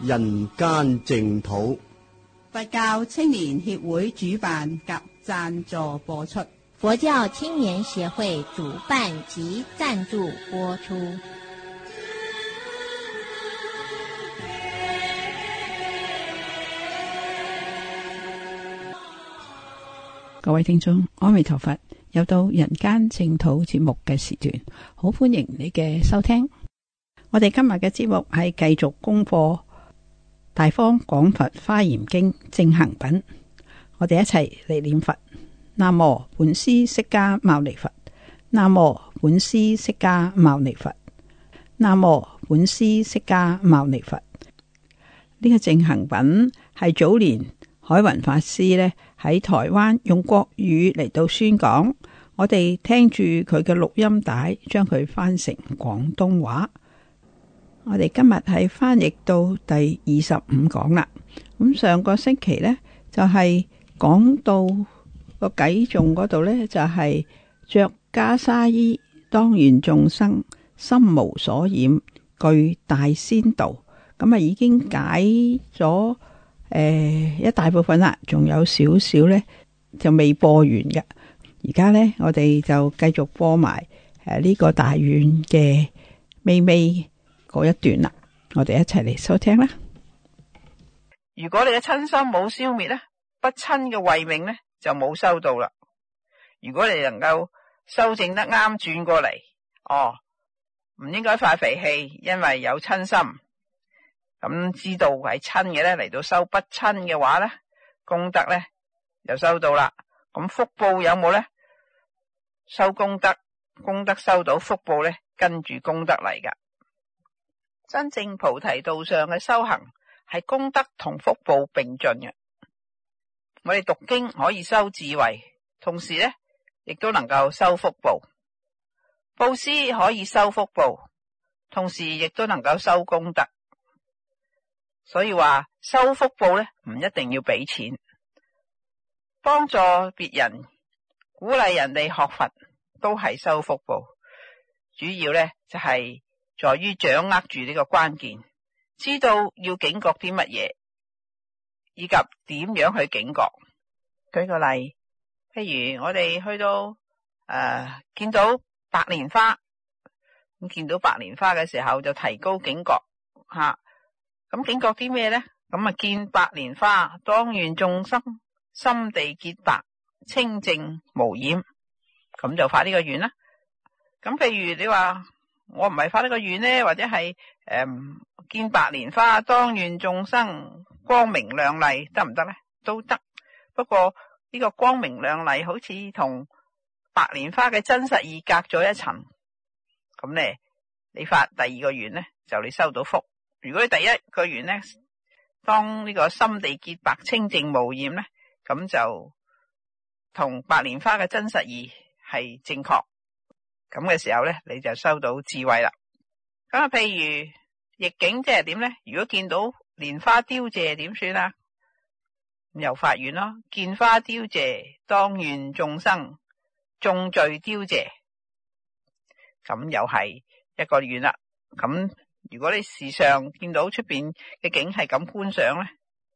人間淨土，佛教青年協會主辦及贊助播出。佛教青年協會主辦及贊助播出。各位聽眾，阿彌陀佛，又到人間淨土節目嘅時段，好歡迎你嘅收聽。我哋今日嘅節目係繼續功課。大方廣佛花嚴經正行品，我哋一齊嚟念佛。南無本師釋迦牟尼佛，南無本師釋迦牟尼佛，南無本師釋迦牟尼佛。呢個正行品係早年海雲法師咧喺台灣用國語嚟到宣講，我哋聽住佢嘅錄音帶，將佢翻成廣東話。我哋今日係翻譯到第二十五講啦。咁上個星期呢，就係、是、講到個偈頌嗰度呢就係、是、着袈裟衣，當願眾生心無所染，具大仙道。咁啊，已經解咗誒、呃、一大部分啦，仲有少少呢就未播完嘅。而家呢，我哋就繼續播埋誒呢個大願嘅微微。嗰一段啦，我哋一齊嚟收聽啦。如果你嘅親心冇消滅咧，不親嘅慧命咧就冇收到啦。如果你能夠修正得啱，轉過嚟哦，唔應該發脾氣，因為有親心，咁知道係親嘅咧嚟到收不親嘅話咧，功德咧又收到啦。咁福報有冇咧？收功德，功德收到福報咧，跟住功德嚟噶。真正菩提道上嘅修行係功德同福報並進嘅。我哋讀經可以修智慧，同時咧亦都能夠修福報。布施可以修福報，同時亦都能夠修功德。所以話修福報咧，唔一定要俾錢，幫助別人、鼓勵人哋學佛都係修福報。主要咧就係、是。在於掌握住呢個關鍵，知道要警覺啲乜嘢，以及點樣去警覺。舉個例，譬如我哋去到誒、呃、見到白蓮花，咁見到白蓮花嘅時候就提高警覺吓。咁、啊、警覺啲咩咧？咁啊見白蓮花，當願眾生心地潔白、清淨無染，咁就發呢個願啦。咁譬如你話。我唔係發呢個願咧，或者係誒、嗯、見白蓮花當願眾生光明亮麗得唔得咧？都得，不過呢個光明亮麗好似同白蓮花嘅真實意隔咗一層。咁咧，你發第二個願咧，就你收到福。如果第一個願咧，當呢個心地潔白、清淨無染咧，咁就同白蓮花嘅真實意係正確。咁嘅時候咧，你就收到智慧啦。咁啊，譬如逆境即係點咧？如果見到蓮花凋謝，點算啊？又發願咯，見花凋謝，當願眾生眾罪凋謝。咁又係一個願啦。咁如果你時常見到出邊嘅景係咁觀賞咧，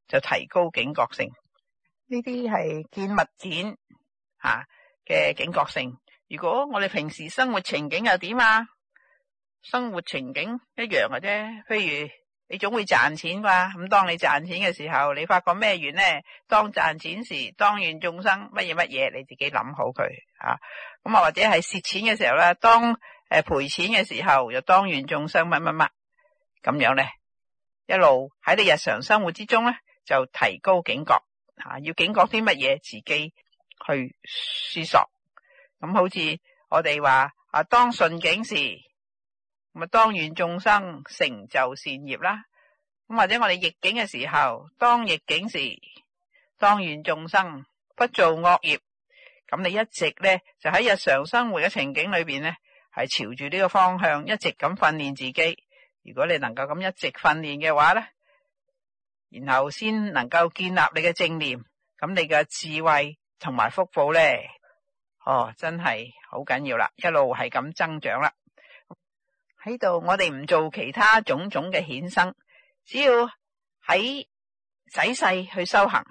就提高警覺性。呢啲係見物展吓嘅警覺性。如果我哋平時生活情景又點啊？生活情景一樣嘅啫。譬如你總會賺錢啩，咁當你賺錢嘅時候，你發覺咩願呢？當賺錢時，當願眾生乜嘢乜嘢，你自己諗好佢啊。咁啊，或者係蝕錢嘅時候啦，當誒賠錢嘅時候，又當願眾生乜乜乜咁樣咧。一路喺你日常生活之中咧，就提高警覺吓，啊，要警覺啲乜嘢，自己去思索。咁好似我哋話啊，當順境時，咪當願眾生成就善業啦。咁或者我哋逆境嘅時候，當逆境時，當願眾生不做惡業。咁你一直咧就喺日常生活嘅情景裏邊咧，係朝住呢個方向一直咁訓練自己。如果你能夠咁一直訓練嘅話咧，然後先能夠建立你嘅正念，咁你嘅智慧同埋福報咧。哦，真係好緊要啦，一路係咁增長啦，喺度我哋唔做其他種種嘅衍生，只要喺仔細去修行，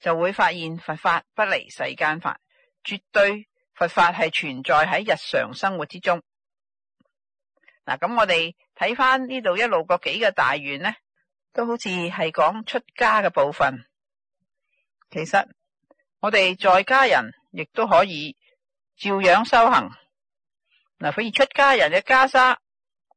就會發現佛法不離世間法，絕對佛法係存在喺日常生活之中。嗱，咁我哋睇翻呢度一路個幾個大願呢，都好似係講出家嘅部分。其實我哋在家人。亦都可以照樣修行嗱，譬如出家人嘅袈裟，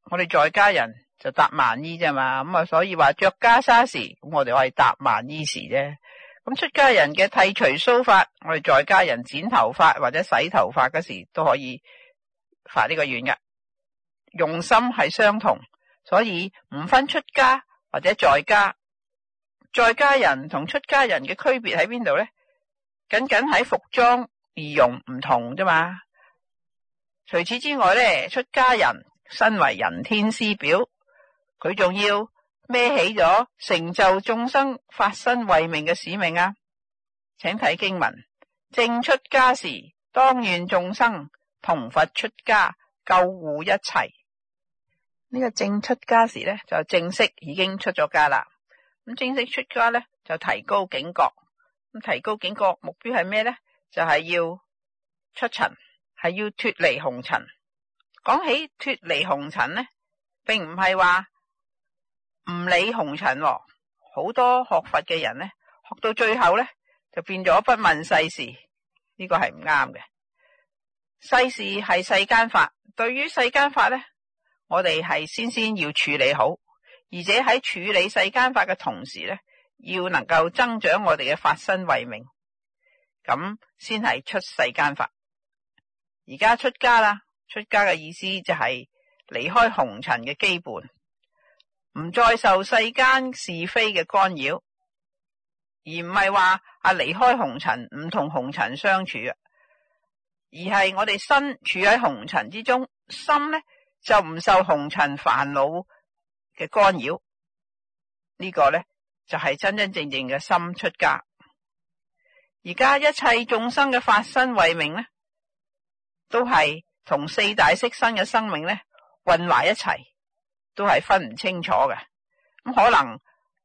我哋在家人就搭萬衣啫嘛。咁啊，所以話着袈裟時，咁我哋可以搭萬衣時啫。咁出家人嘅剃除鬚髮，我哋在家人剪頭髮或者洗頭髮嗰時都可以發呢個願嘅，用心係相同，所以唔分出家或者在家，在家人同出家人嘅區別喺邊度咧？僅僅喺服裝儀容唔同啫嘛。除此之外咧，出家人身為人天師表，佢仲要孭起咗成就眾生、法身慧命嘅使命啊！請睇經文：正出家時，當願眾生同佛出家，救護一切。呢、這個正出家時咧，就正式已經出咗家啦。咁正式出家咧，就提高警覺。提高警覺目標係咩呢？就係、是、要出塵，係要脫離紅塵。講起脫離紅塵呢，並唔係話唔理紅塵、哦。好多學佛嘅人呢，學到最後呢，就變咗不問世事。呢個係唔啱嘅。世事係世間法，對於世間法呢，我哋係先先要處理好，而且喺處理世間法嘅同時呢。要能夠增長我哋嘅法身慧命，咁先係出世間法。而家出家啦，出家嘅意思就係離開紅塵嘅基本，唔再受世間是非嘅干擾，而唔係話啊離開紅塵唔同紅塵相處，而係我哋身處喺紅塵之中，心呢就唔受紅塵煩惱嘅干擾，呢個呢，就係真真正正嘅心出家。而家一切眾生嘅法身慧命咧，都係同四大色身嘅生命咧混埋一齊，都係分唔清楚嘅。咁可能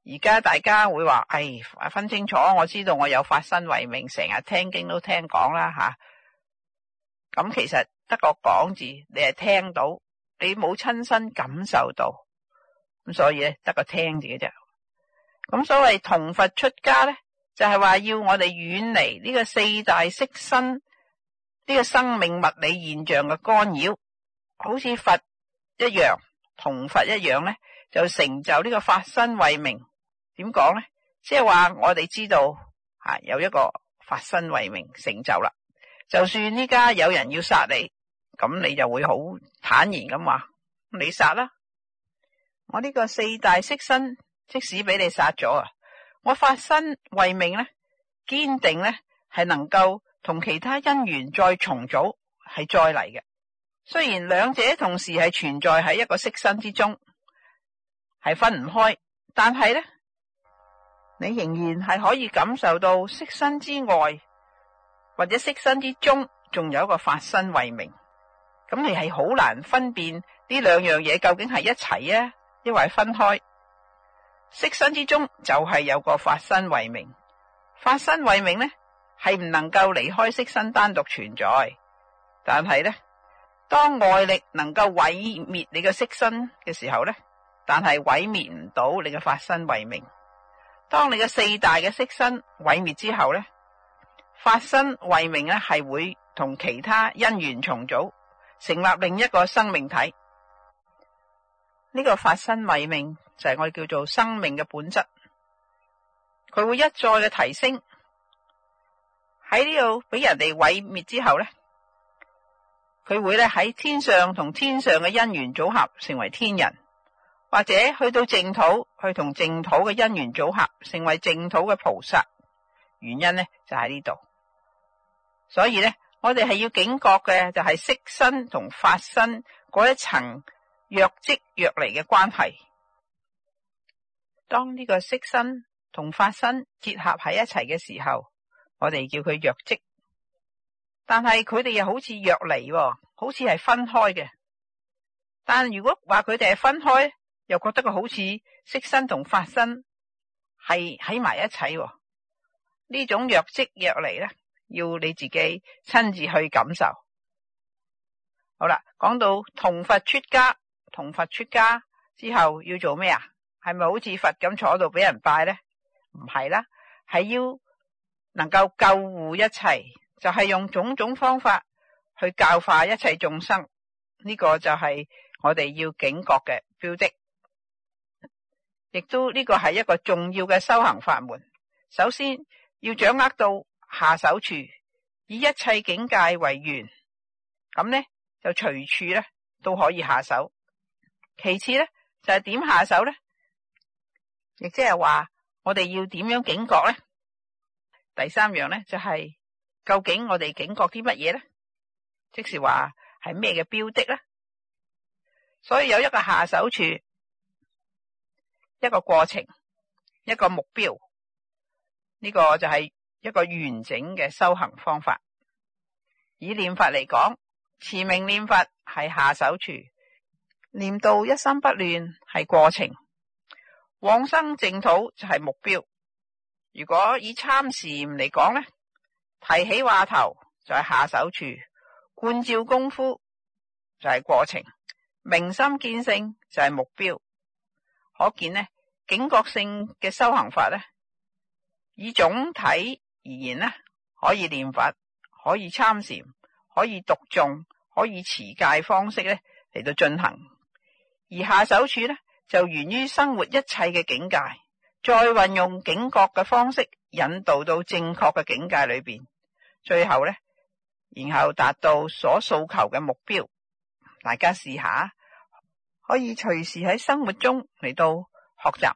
而家大家會話：哎，分清楚，我知道我有法身慧命，成日聽經都聽講啦吓。咁、啊、其實得個講字，你係聽到，你冇親身感受到咁，所以咧得個聽字嘅啫。咁所謂同佛出家呢，就係、是、話要我哋遠離呢個四大色身呢，這個生命物理現象嘅干擾，好似佛一樣，同佛一樣呢，就成就呢個法身慧命。點講呢？即係話我哋知道吓有一個法身慧命成就啦。就算依家有人要殺你，咁你就會好坦然咁話：你殺啦，我呢個四大色身。即使俾你殺咗啊，我法身慧命呢，堅定呢係能夠同其他因緣再重組，係再嚟嘅。雖然兩者同時係存在喺一個色身之中，係分唔開，但係呢，你仍然係可以感受到色身之外或者色身之中仲有一個法身慧命。咁你係好難分辨呢兩樣嘢究竟係一齊啊，抑或係分開。色身之中就係有個法身慧命。法身慧命呢係唔能夠離開色身單獨存在，但係呢，當外力能夠毀滅你個色身嘅時候呢，但係毀滅唔到你嘅法身慧命。當你嘅四大嘅色身毀滅之後呢，法身慧命呢係會同其他因緣重組，成立另一個生命體。呢個法身、慧命就係、是、我哋叫做生命嘅本質，佢會一再嘅提升。喺呢度俾人哋毀滅之後咧，佢會咧喺天上同天上嘅姻緣組合，成為天人；或者去到淨土，去同淨土嘅姻緣組合，成為淨土嘅菩薩。原因咧就喺呢度，所以咧我哋係要警覺嘅，就係、是、色身同法身嗰一層若即若離嘅關係，當呢個色身同法身結合喺一齊嘅時候，我哋叫佢若即，但係佢哋又好似若離喎，好似係分開嘅。但如果話佢哋係分開，又覺得佢好似色身同法身係喺埋一齊喎。呢種若即若離咧，要你自己親自去感受。好啦，講到同佛出家，同佛出家之後要做咩啊？係咪好似佛咁坐度俾人拜咧？唔係啦，係要能夠救護一切，就係、是、用種種方法去教化一切眾生。呢、這個就係我哋要警覺嘅標的，亦都呢、這個係一個重要嘅修行法門。首先要掌握到下手處，以一切境界為源。咁咧就隨處咧都可以下手。其次咧，就係、是、點下手咧，亦即係話我哋要點樣警覺咧。第三樣咧就係、是、究竟我哋警覺啲乜嘢咧，即說是話係咩嘅標的咧。所以有一個下手處，一個過程，一個目標，呢、這個就係一個完整嘅修行方法。以念法嚟講，持名念法係下手處。念到一心不亂係過程，往生淨土就係目標。如果以參禪嚟講咧，提起話頭就係下手處，觀照功夫就係過程，明心見性就係目標。可見呢，警覺性嘅修行法咧，以總體而言呢，可以念佛，可以參禪，可以讀誦，可以，可以持戒方式咧嚟到進行。而下手處咧，就源於生活一切嘅境界，再運用警覺嘅方式引導到正確嘅境界裏邊，最後咧，然後達到所訴求嘅目標。大家試一下，可以隨時喺生活中嚟到學習，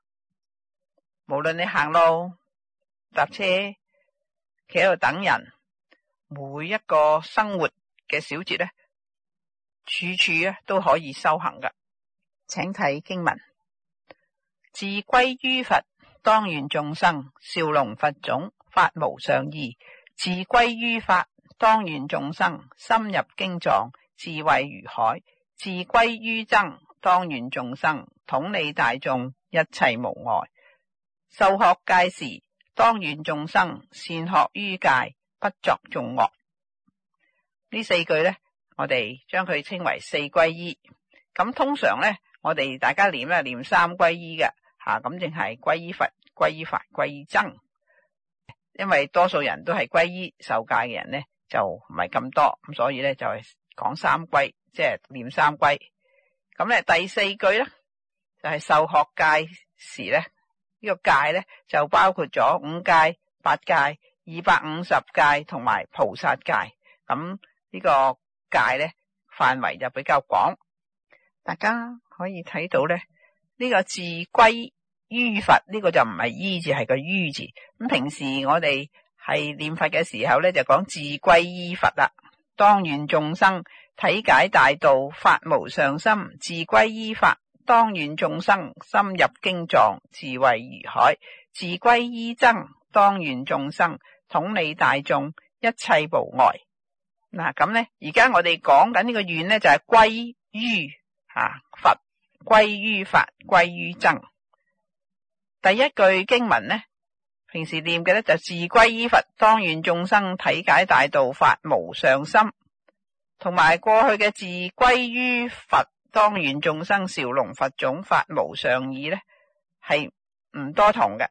無論你行路、搭車、企喺度等人，每一個生活嘅小節咧，處處都可以修行噶。請睇經文，自歸於佛，當願眾生，少龍佛種，法無上義；自歸於法，當願眾生，深入經藏，智慧如海；自歸於僧，當願眾生，統理大眾，一切無礙。受學戒時，當願眾生，善學於戒，不作眾惡。呢四句呢，我哋將佢稱為四歸依。咁通常呢。我哋大家念咧，念三歸依嘅吓，咁淨係歸依佛、歸依法、歸依僧。因為多數人都係歸依受戒嘅人咧，就唔係咁多，咁所以咧就係、是、講三歸，即係念三歸。咁、嗯、咧第四句咧就係、是、受學戒時咧，這個、界呢個戒咧就包括咗五戒、八戒、二百五十戒同埋菩薩戒。咁、嗯這個、呢個戒咧範圍就比較廣，大家。可以睇到咧，呢、這個自歸於佛，呢、這個就唔係依字，係個於字。咁平時我哋係念佛嘅時候咧，就講自歸依佛啦。當願眾生體解大道，發無上心，自歸依法；當願眾生深入經藏，智慧如海；自歸依僧；當願眾生，眾生統理大眾，一切無礙。嗱，咁咧，而家我哋講緊呢個願咧，就係、是、歸於、啊、佛。歸於法，歸於僧。第一句經文呢，平時念嘅呢就自歸於佛，當願眾生體解大道，法無上心。同埋過去嘅自歸於佛，當願眾生紹隆佛種，法無上意呢，係唔多同嘅。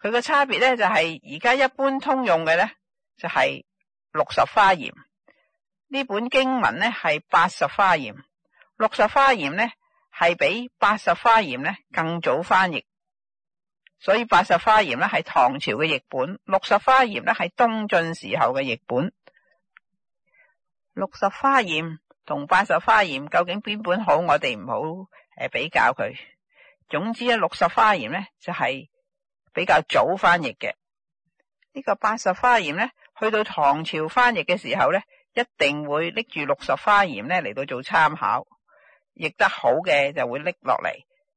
佢個差別呢就係而家一般通用嘅呢，就係、是、六十華嚴。呢本經文呢係八十華嚴。六十華嚴呢？係比八十華嚴咧更早翻譯，所以八十華嚴咧係唐朝嘅譯本，六十華嚴咧係東晉時候嘅譯本。六十華嚴同八十華嚴究竟邊本好？我哋唔好誒比較佢。總之啊，六十華嚴咧就係比較早翻譯嘅。呢、這個八十華嚴咧，去到唐朝翻譯嘅時候咧，一定會拎住六十華嚴咧嚟到做參考。譯得好嘅就會拎落嚟，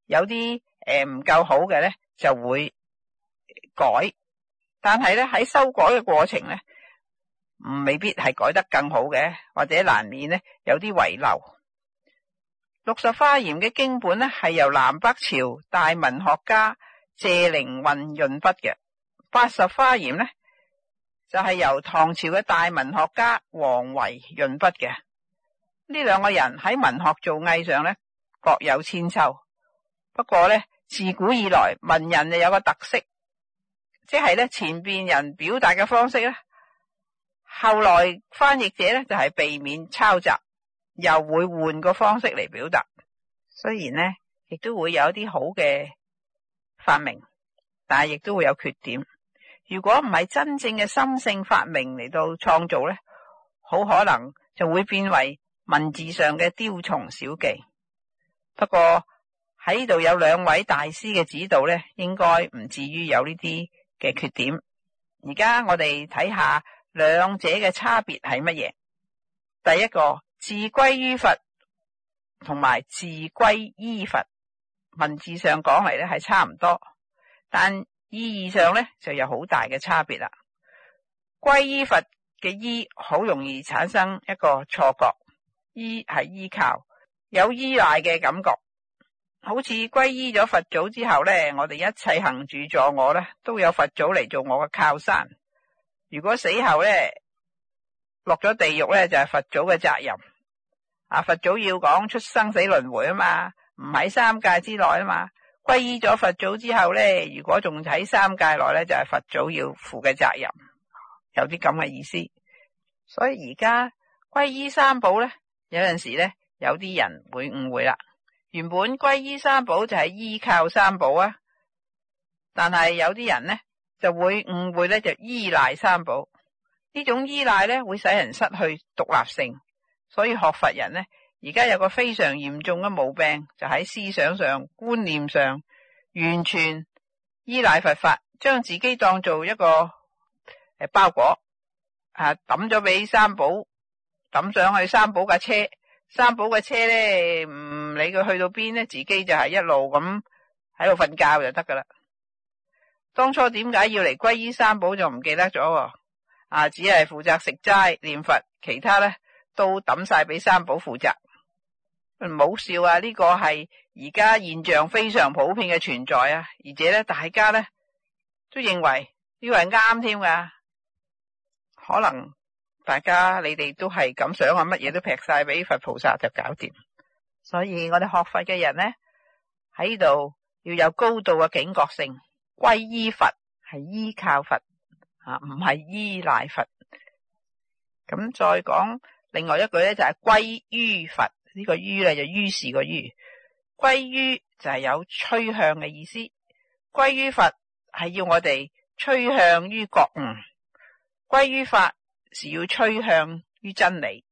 有啲誒唔夠好嘅咧就會改，但係咧喺修改嘅過程咧，唔未必係改得更好嘅，或者難免咧有啲遺漏。六十華嚴嘅經本咧係由南北朝大文學家謝靈運潤筆嘅，八十華嚴咧就係由唐朝嘅大文學家王維潤筆嘅。呢兩個人喺文學造詣上咧各有千秋，不過咧自古以來文人就有個特色，即係咧前邊人表達嘅方式咧，後來翻譯者咧就係、是、避免抄襲，又會換個方式嚟表達。雖然咧亦都會有一啲好嘅發明，但係亦都會有缺點。如果唔係真正嘅心性發明嚟到創造咧，好可能就會變為。文字上嘅雕蟲小技，不過喺度有兩位大師嘅指導咧，應該唔至於有呢啲嘅缺點。而家我哋睇下兩者嘅差別係乜嘢？第一個，自歸於佛同埋自歸依佛，文字上講嚟咧係差唔多，但意義上咧就有好大嘅差別啦。歸依佛嘅依好容易產生一個錯覺。依係依靠，有依賴嘅感覺，好似皈依咗佛祖之後咧，我哋一切行住坐臥咧，都有佛祖嚟做我嘅靠山。如果死後咧，落咗地獄咧，就係、是、佛祖嘅責任。啊，佛祖要講出生死輪迴啊嘛，唔喺三界之內啊嘛。皈依咗佛祖之後咧，如果仲喺三界內咧，就係、是、佛祖要負嘅責任，有啲咁嘅意思。所以而家皈依三寶咧。有陣時咧，有啲人會誤會啦。原本歸依三寶就係依靠三寶啊，但係有啲人咧就會誤會咧就依賴三寶。呢種依賴咧會使人失去獨立性，所以學佛人咧而家有個非常嚴重嘅毛病，就喺思想上、觀念上完全依賴佛法，將自己當做一個誒包裹啊，抌咗俾三寶。抌上去三寶架車，三寶架車咧唔理佢去到邊咧，自己就係一路咁喺度瞓覺就得噶啦。當初點解要嚟歸依三寶就唔記得咗啊？只係負責食齋、念佛，其他咧都抌晒俾三寶負責。唔好笑啊！呢個係而家現象非常普遍嘅存在啊！而且咧，大家咧都認為呢個係啱添噶，可能。大家你哋都係咁想啊，乜嘢都劈晒俾佛菩薩就搞掂。所以我哋學佛嘅人呢，喺度要有高度嘅警覺性，歸依佛係依靠佛啊，唔係依賴佛。咁、啊、再講另外一句咧，就係歸於佛、這個、於呢於個于咧就于是個于，歸於就係有趨向嘅意思。歸於佛係要我哋趨向於覺悟，歸於法。是要趨向於真理，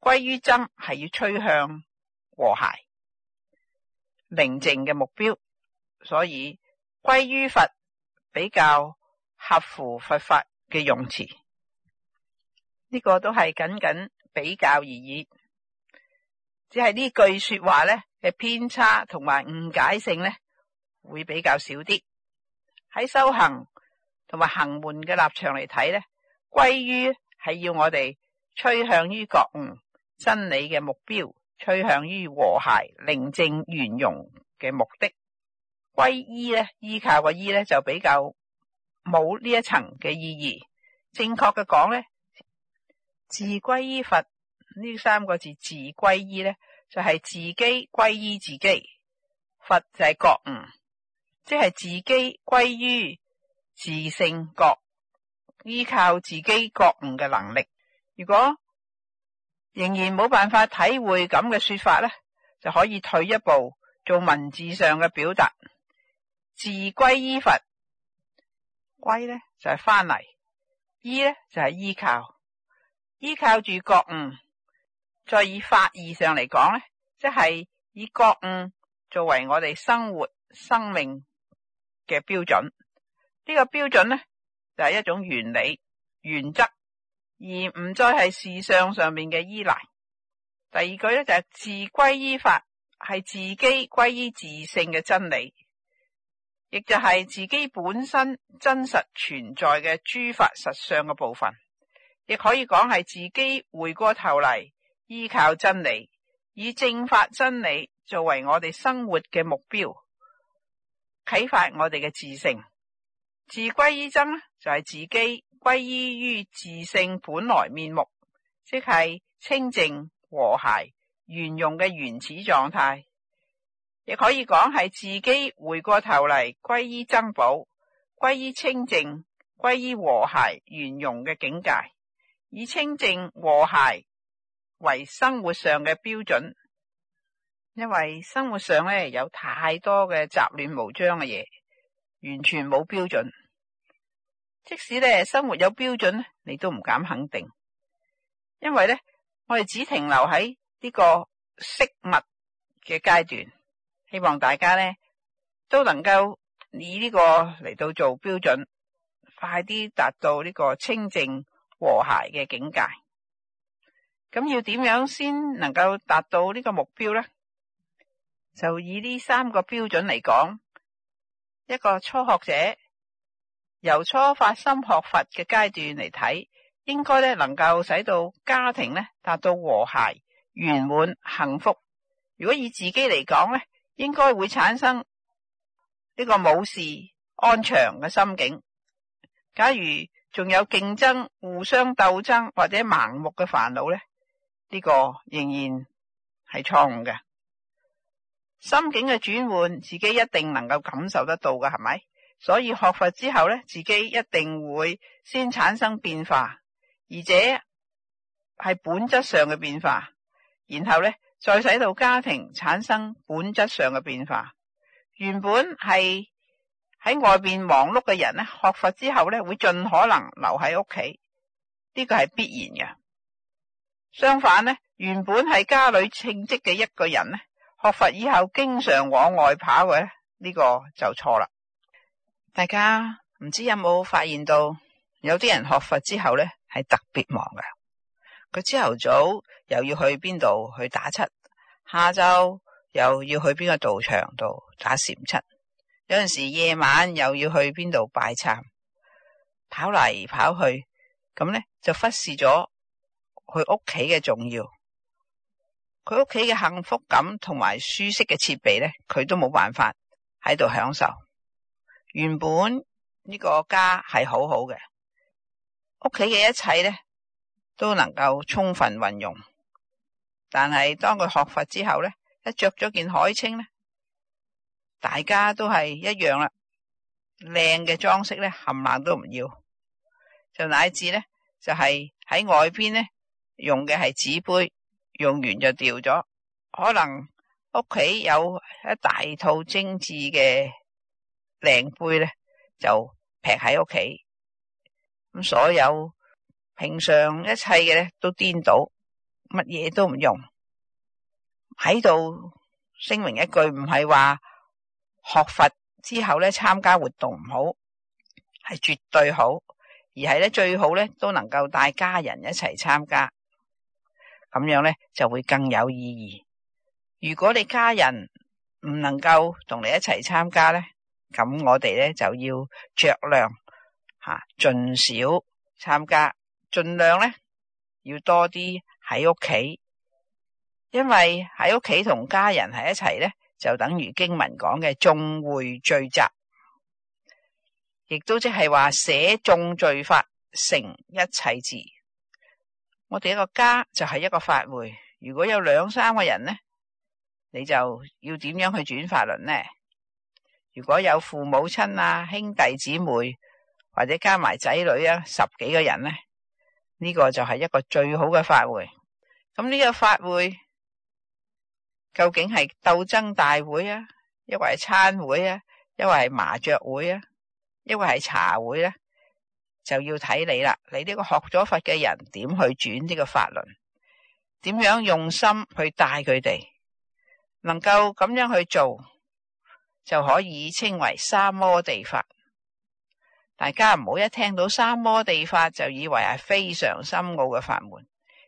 歸於真係要趨向和諧、寧靜嘅目標，所以歸於佛比較合乎佛法嘅用詞。呢個都係僅僅比較而已，只係呢句說話咧嘅偏差同埋誤解性咧會比較少啲。喺修行同埋行門嘅立場嚟睇咧。歸於係要我哋趨向於覺悟真理嘅目標，趨向於和諧、寧靜、圓融嘅目的。歸依咧，依靠嗰依咧就比較冇呢一層嘅意義。正確嘅講咧，自歸依佛呢三個字，自歸依咧就係自己歸依自己，佛就係覺悟，即係自己歸於自性覺。依靠自己覺悟嘅能力，如果仍然冇辦法體會咁嘅說法咧，就可以退一步做文字上嘅表達，自歸依佛，歸咧就係翻嚟，依咧就係依靠，依靠住覺悟，再以法義上嚟講咧，即係以覺悟作為我哋生活生命嘅標準，呢個標準咧。就係一種原理、原則，而唔再係事相上面嘅依賴。第二句咧就係自歸依法，係自己歸於自性嘅真理，亦就係自己本身真實存在嘅諸法實相嘅部分。亦可以講係自己回過頭嚟，依靠真理，以正法真理作為我哋生活嘅目標，啟發我哋嘅自性。自歸依僧就係、是、自己歸依於自性本來面目，即係清淨和諧、圓融嘅原始狀態。亦可以講係自己回過頭嚟歸依僧寶、歸依清淨、歸依和諧、圓融嘅境界，以清淨和諧為生活上嘅標準。因為生活上咧有太多嘅雜亂無章嘅嘢。完全冇標準，即使咧生活有標準你都唔敢肯定，因為咧我哋只停留喺呢個飾物嘅階段，希望大家咧都能夠以呢個嚟到做標準，快啲達到呢個清淨和諧嘅境界。咁要點樣先能夠達到呢個目標呢？就以呢三個標準嚟講。一個初學者由初發心學佛嘅階段嚟睇，應該咧能夠使到家庭咧達到和諧、圓滿、幸福。如果以自己嚟講咧，應該會產生呢個冇事安詳嘅心境。假如仲有競爭、互相鬥爭或者盲目嘅煩惱咧，呢、呢個仍然係錯誤嘅。心境嘅轉換，自己一定能夠感受得到嘅，係咪？所以學佛之後咧，自己一定會先產生變化，而且係本質上嘅變化。然後咧，再使到家庭產生本質上嘅變化。原本係喺外邊忙碌嘅人咧，學佛之後咧，會盡可能留喺屋企，呢個係必然嘅。相反咧，原本係家裏稱職嘅一個人咧。學佛以後經常往外跑嘅，呢個就錯啦。大家唔知有冇發現到，有啲人學佛之後呢，係特別忙㗎。佢朝頭早又要去邊度去打七，下晝又要去邊個道場度打禪七，有陣時夜晚又要去邊度拜懺，跑嚟跑去咁，呢就忽視咗佢屋企嘅重要。佢屋企嘅幸福感同埋舒適嘅設備咧，佢都冇辦法喺度享受。原本呢個家係好好嘅，屋企嘅一切咧都能夠充分運用。但係當佢學佛之後咧，一着咗件海青咧，大家都係一樣啦。靚嘅裝飾咧，冚冷都唔要，就乃至咧就係喺外邊咧用嘅係紙杯。用完就掉咗，可能屋企有一大套精緻嘅靚杯咧，就劈喺屋企咁。所有平常一切嘅咧，都顛倒，乜嘢都唔用。喺度聲明一句，唔係話學佛之後咧參加活動唔好，係絕對好，而係咧最好咧都能夠帶家人一齊參加。咁樣咧就會更有意義。如果你家人唔能夠同你一齊參加咧，咁我哋咧就要酌量吓，盡少參加，盡量咧要多啲喺屋企，因為喺屋企同家人喺一齊咧，就等於經文講嘅眾會聚集，亦都即係話寫「眾聚法」成一切字。我哋一個家就係一個法會，如果有兩三個人呢，你就要點樣去轉法輪呢？如果有父母親啊、兄弟姊妹或者加埋仔女啊，十幾個人呢，呢、這個就係一個最好嘅法會。咁呢個法會究竟係鬥爭大會啊？抑或係餐會啊？抑或係麻雀會啊？抑或係茶會呢、啊就要睇你啦，你呢個學咗佛嘅人點去轉呢個法輪，點樣用心去帶佢哋，能夠咁樣去做，就可以稱為三摩地法。大家唔好一聽到三摩地法就以為係非常深奧嘅法門。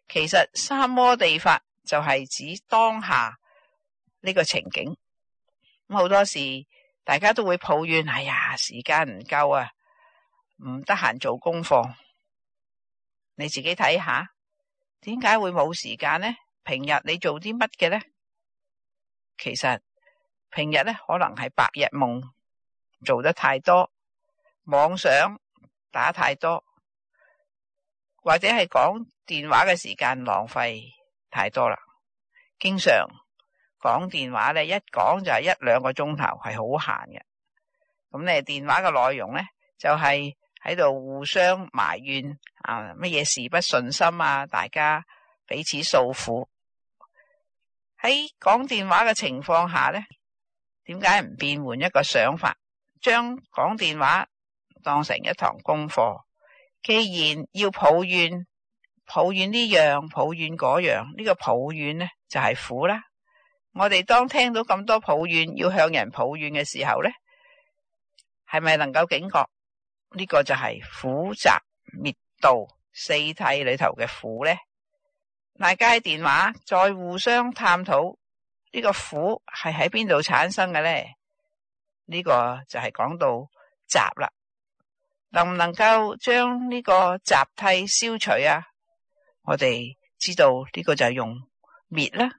其實三摩地法就係指當下呢個情景。咁好多時大家都會抱怨，哎呀，時間唔夠啊！唔得閒做功課，你自己睇下，點解會冇時間呢？平日你做啲乜嘅呢？其實平日呢可能係白日夢做得太多，妄想打太多，或者係講電話嘅時間浪費太多啦。經常講電話呢，一講就係一兩個鐘頭，係好閒嘅。咁你電話嘅內容呢就係、是。喺度互相埋怨啊，乜嘢事不順心啊？大家彼此訴苦。喺講電話嘅情況下呢，點解唔變換一個想法，將講電話當成一堂功課？既然要抱怨，抱怨呢樣，抱怨嗰樣，呢個抱怨呢，就係苦啦。我哋當聽到咁多抱怨，要向人抱怨嘅時候呢，係咪能夠警覺？呢個就係苦集滅道四諦裏頭嘅苦咧，大家在電話再互相探討呢個苦係喺邊度產生嘅咧？呢個就係講到集啦，能唔能夠將呢個集諦消除啊？我哋知道呢個就係用滅啦，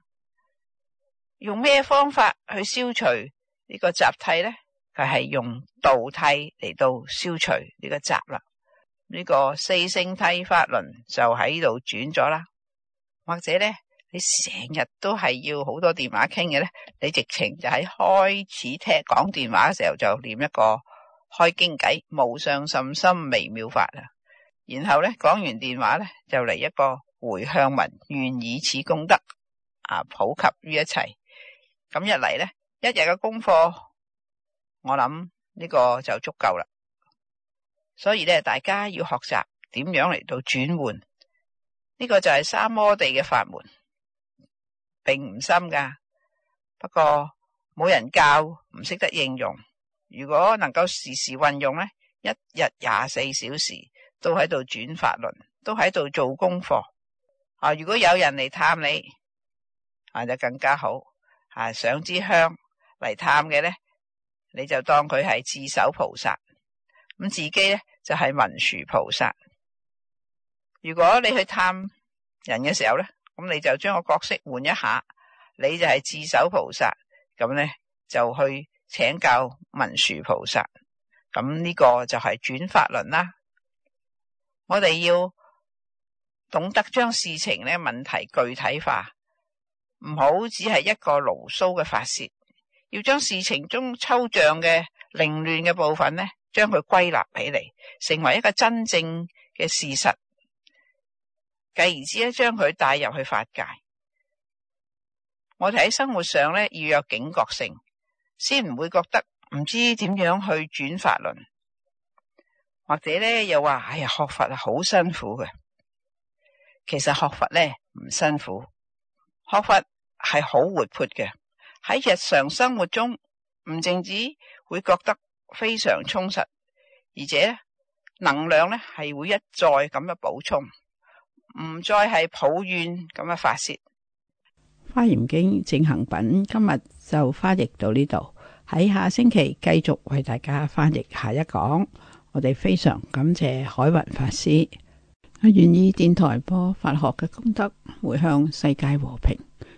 用咩方法去消除呢個集諦咧？佢係用道諦嚟到消除呢個集啦，呢、呢個四聖諦法輪就喺度轉咗啦。或者呢，你成日都係要好多電話傾嘅呢，你直情就喺開始聽講電話嘅時候就念一個開經偈，無上甚深微妙法啊。然後呢，講完電話呢，就嚟一個回向文，願以此功德啊普及於一切。咁一嚟呢，一日嘅功課。我諗呢個就足夠啦，所以咧，大家要學習點樣嚟到轉換呢個就係三摩地嘅法門，並唔深噶。不過冇人教，唔識得應用。如果能夠時時運用咧，一日廿四小時都喺度轉法輪，都喺度做功課啊！如果有人嚟探你，或就更加好啊，上支香嚟探嘅咧。你就當佢係自首菩薩，咁自己咧就係、是、文殊菩薩。如果你去探人嘅時候咧，咁你就將個角色換一下，你就係自首菩薩，咁咧就去請教文殊菩薩。咁呢個就係轉法輪啦。我哋要懂得將事情、咧問題具體化，唔好只係一個牢騷嘅發洩。要將事情中抽象嘅凌亂嘅部分呢，將佢歸納起嚟，成為一個真正嘅事實。繼而之呢，將佢帶入去法界。我哋喺生活上呢，要有警覺性，先唔會覺得唔知點樣去轉法輪，或者呢又話：哎呀，學法係好辛苦嘅。其實學法呢唔辛苦，學法係好活潑嘅。喺日常生活中，唔淨止會覺得非常充實，而且能量咧係會一再咁樣補充，唔再係抱怨咁樣發洩。《華嚴經》淨行品今日就翻譯到呢度，喺下星期繼續為大家翻譯下一講。我哋非常感謝海雲法師，我願意電台播法學嘅功德，回向世界和平。